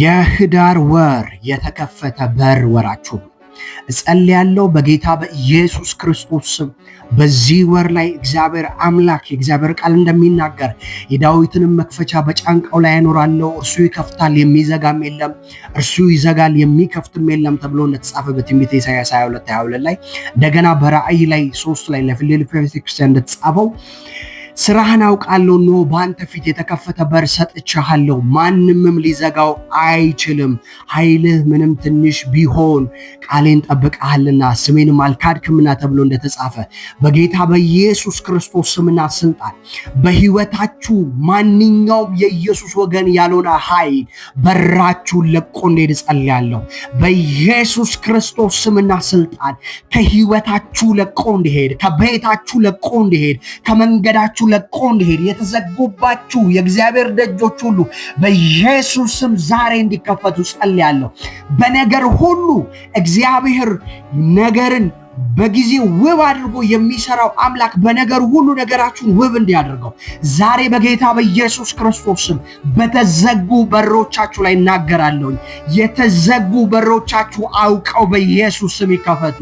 የህዳር ወር የተከፈተ በር ወራችሁ ነው። እጸልያለሁ በጌታ በኢየሱስ ክርስቶስ ስም በዚህ ወር ላይ እግዚአብሔር አምላክ የእግዚአብሔር ቃል እንደሚናገር የዳዊትንም መክፈቻ በጫንቃው ላይ ያኖራለሁ፣ እርሱ ይከፍታል የሚዘጋም የለም፣ እርሱ ይዘጋል የሚከፍትም የለም ተብሎ እንደተጻፈ በትንቢት ኢሳያስ 22 22 ላይ እንደገና በራእይ ላይ ሶስት ላይ ለፊልዴልፊያ ቤተክርስቲያን እንደተጻፈው ስራህን አውቃለሁ፣ እነሆ በአንተ ፊት የተከፈተ በር ሰጥቼሃለሁ፣ ማንምም ሊዘጋው አይችልም። ኃይልህ ምንም ትንሽ ቢሆን ቃሌን ጠብቀሃልና ስሜንም አልካድክምና ተብሎ እንደተጻፈ በጌታ በኢየሱስ ክርስቶስ ስምና ስልጣን በህይወታችሁ ማንኛውም የኢየሱስ ወገን ያልሆነ ኃይል በራችሁን ለቆ እንዲሄድ ጸልያለሁ። በኢየሱስ ክርስቶስ ስምና ስልጣን ከህይወታችሁ ለቆ እንዲሄድ፣ ከቤታችሁ ለቆ እንዲሄድ፣ ከመንገዳችሁ ከፊታችሁ ለቆ እንዲሄድ የተዘጉባችሁ የእግዚአብሔር ደጆች ሁሉ በኢየሱስም ዛሬ እንዲከፈቱ ጸልያለሁ። በነገር ሁሉ እግዚአብሔር ነገርን በጊዜ ውብ አድርጎ የሚሰራው አምላክ በነገር ሁሉ ነገራችሁን ውብ እንዲያደርገው ዛሬ በጌታ በኢየሱስ ክርስቶስ ስም በተዘጉ በሮቻችሁ ላይ እናገራለሁኝ። የተዘጉ በሮቻችሁ አውቀው በኢየሱስ ስም ይከፈቱ።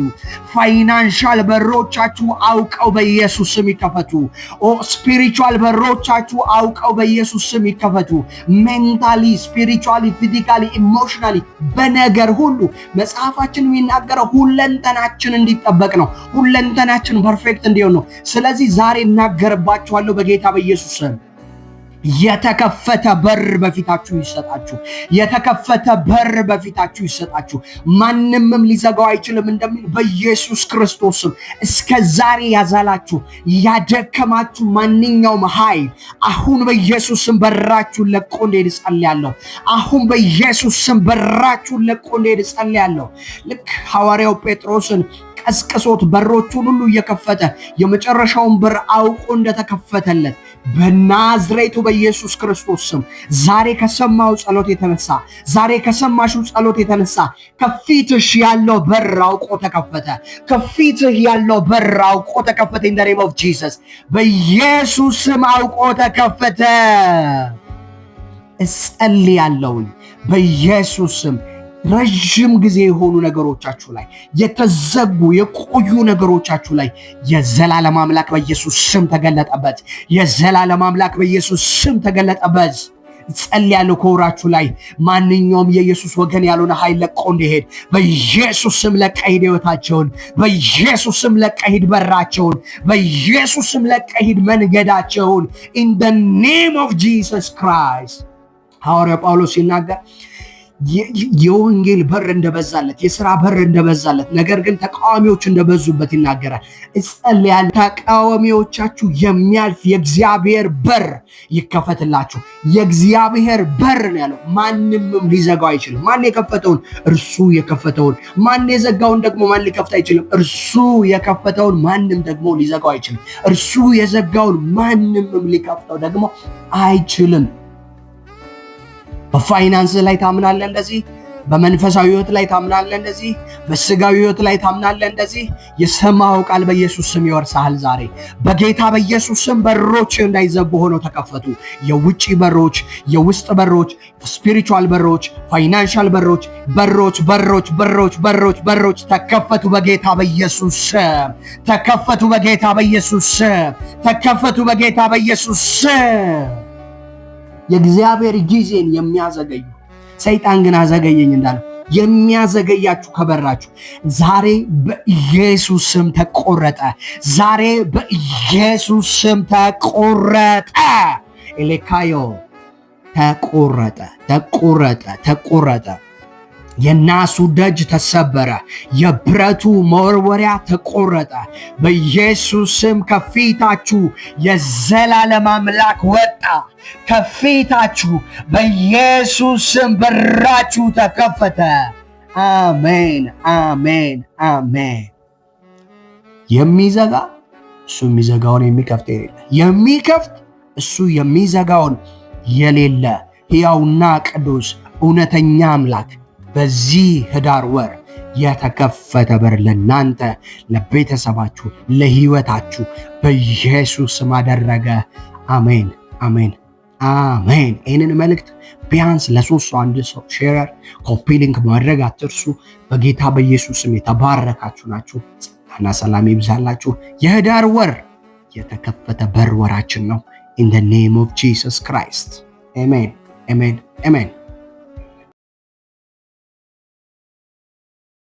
ፋይናንሻል በሮቻችሁ አውቀው በኢየሱስ ስም ይከፈቱ። ኦ ስፒሪቹዋል በሮቻችሁ አውቀው በኢየሱስ ስም ይከፈቱ። ሜንታሊ፣ ስፒሪቹዋሊ፣ ፊዚካሊ፣ ኢሞሽናሊ በነገር ሁሉ መጽሐፋችን የሚናገረው ሁለንተናችን እንዲ የሚጠበቅ ነው። ሁለንተናችን ፐርፌክት እንዲሆን ነው። ስለዚህ ዛሬ እናገርባችኋለሁ በጌታ በኢየሱስ የተከፈተ በር በፊታችሁ ይሰጣችሁ። የተከፈተ በር በፊታችሁ ይሰጣችሁ። ማንምም ሊዘጋው አይችልም እንደሚል በኢየሱስ ክርስቶስም እስከ ዛሬ ያዛላችሁ ያደከማችሁ ማንኛውም ኃይል አሁን በኢየሱስም በራችሁን ለቆ እንዲሄድ ጸልያለሁ። አሁን በኢየሱስም በራችሁን ለቆ እንዲሄድ ጸልያለሁ። ልክ ሐዋርያው ጴጥሮስን ቀስቅሶት በሮቹን ሁሉ እየከፈተ የመጨረሻውን በር አውቆ እንደተከፈተለት በናዝሬቱ በኢየሱስ ክርስቶስ ስም ዛሬ ከሰማው ጸሎት የተነሳ ዛሬ ከሰማሽው ጸሎት የተነሳ ከፊትሽ ያለው በር አውቆ ተከፈተ። ከፊትህ ያለው በር አውቆ ተከፈተ። ኢን ዘ ኔም ኦፍ ጂሰስ በኢየሱስ ስም አውቆ ተከፈተ። እጸልያለሁኝ በኢየሱስ ስም ረዥም ጊዜ የሆኑ ነገሮቻችሁ ላይ የተዘጉ የቆዩ ነገሮቻችሁ ላይ የዘላለም አምላክ በኢየሱስ ስም ተገለጠበት። የዘላለም አምላክ በኢየሱስ ስም ተገለጠበት። ጸል ያለው ከወራችሁ ላይ ማንኛውም የኢየሱስ ወገን ያልሆነ ኃይል ለቆ እንዲሄድ በኢየሱስ ስም ለቀሂድ ህይወታቸውን፣ በኢየሱስ ስም ለቀሂድ በራቸውን፣ በኢየሱስ ስም ለቀሂድ መንገዳቸውን ኢን ደ ኔም ኦፍ ጂሰስ ክራይስት ሐዋርያው ጳውሎስ ሲናገር የወንጌል በር እንደበዛለት የስራ በር እንደበዛለት፣ ነገር ግን ተቃዋሚዎች እንደበዙበት ይናገራል። እጸልያለሁ ተቃዋሚዎቻችሁ የሚያልፍ የእግዚአብሔር በር ይከፈትላችሁ። የእግዚአብሔር በር ነው ያለው። ማንምም ሊዘጋው አይችልም። ማን የከፈተውን እርሱ የከፈተውን፣ ማን የዘጋውን ደግሞ ማን ሊከፍት አይችልም። እርሱ የከፈተውን ማንም ደግሞ ሊዘጋው አይችልም። እርሱ የዘጋውን ማንምም ሊከፍተው ደግሞ አይችልም። በፋይናንስ ላይ ታምናለህ እንደዚህ በመንፈሳዊ ህይወት ላይ ታምናለህ እንደዚህ፣ በስጋዊ ህይወት ላይ ታምናለህ እንደዚህ። የሰማው ቃል በኢየሱስ ስም ይወርሳል ዛሬ በጌታ በኢየሱስ ስም። በሮች እንዳይዘቡ ሆነው ተከፈቱ። የውጭ በሮች፣ የውስጥ በሮች፣ ስፒሪቹዋል በሮች፣ ፋይናንሻል በሮች፣ በሮች በሮች በሮች በሮች በሮች ተከፈቱ በጌታ በኢየሱስ ስም። ተከፈቱ በጌታ በኢየሱስ ስም። ተከፈቱ በጌታ በኢየሱስ ስም። የእግዚአብሔር ጊዜን የሚያዘገዩ ሰይጣን ግን አዘገየኝ እንዳለ የሚያዘገያችሁ ከበራችሁ ዛሬ በኢየሱስ ስም ተቆረጠ። ዛሬ በኢየሱስ ስም ተቆረጠ። ኤሌካዮ ተቆረጠ፣ ተቆረጠ፣ ተቆረጠ። የናሱ ደጅ ተሰበረ፣ የብረቱ መወርወሪያ ተቆረጠ። በኢየሱስ ስም ከፊታችሁ የዘላለም አምላክ ወጣ። ከፊታችሁ በኢየሱስ ስም በራችሁ ተከፈተ። አሜን፣ አሜን፣ አሜን። የሚዘጋ እሱ የሚዘጋውን የሚከፍት የሌለ የሚከፍት እሱ የሚዘጋውን የሌለ ሕያውና ቅዱስ እውነተኛ አምላክ በዚህ ህዳር ወር የተከፈተ በር ለናንተ ለቤተሰባችሁ፣ ለህይወታችሁ በኢየሱስ ስም አደረገ። አሜን፣ አሜን፣ አሜን። ይህንን መልእክት ቢያንስ ለሶስት አንድ ሰው ሼረር ሊንክ ማድረግ አትርሱ። በጌታ በኢየሱስ ስም የተባረካችሁ ናችሁ። ጸጋና ሰላም ይብዛላችሁ። የህዳር ወር የተከፈተ በር ወራችን ነው። ኢን ኔም ኦፍ ጂሰስ ክራይስት አሜን፣ አሜን፣ አሜን።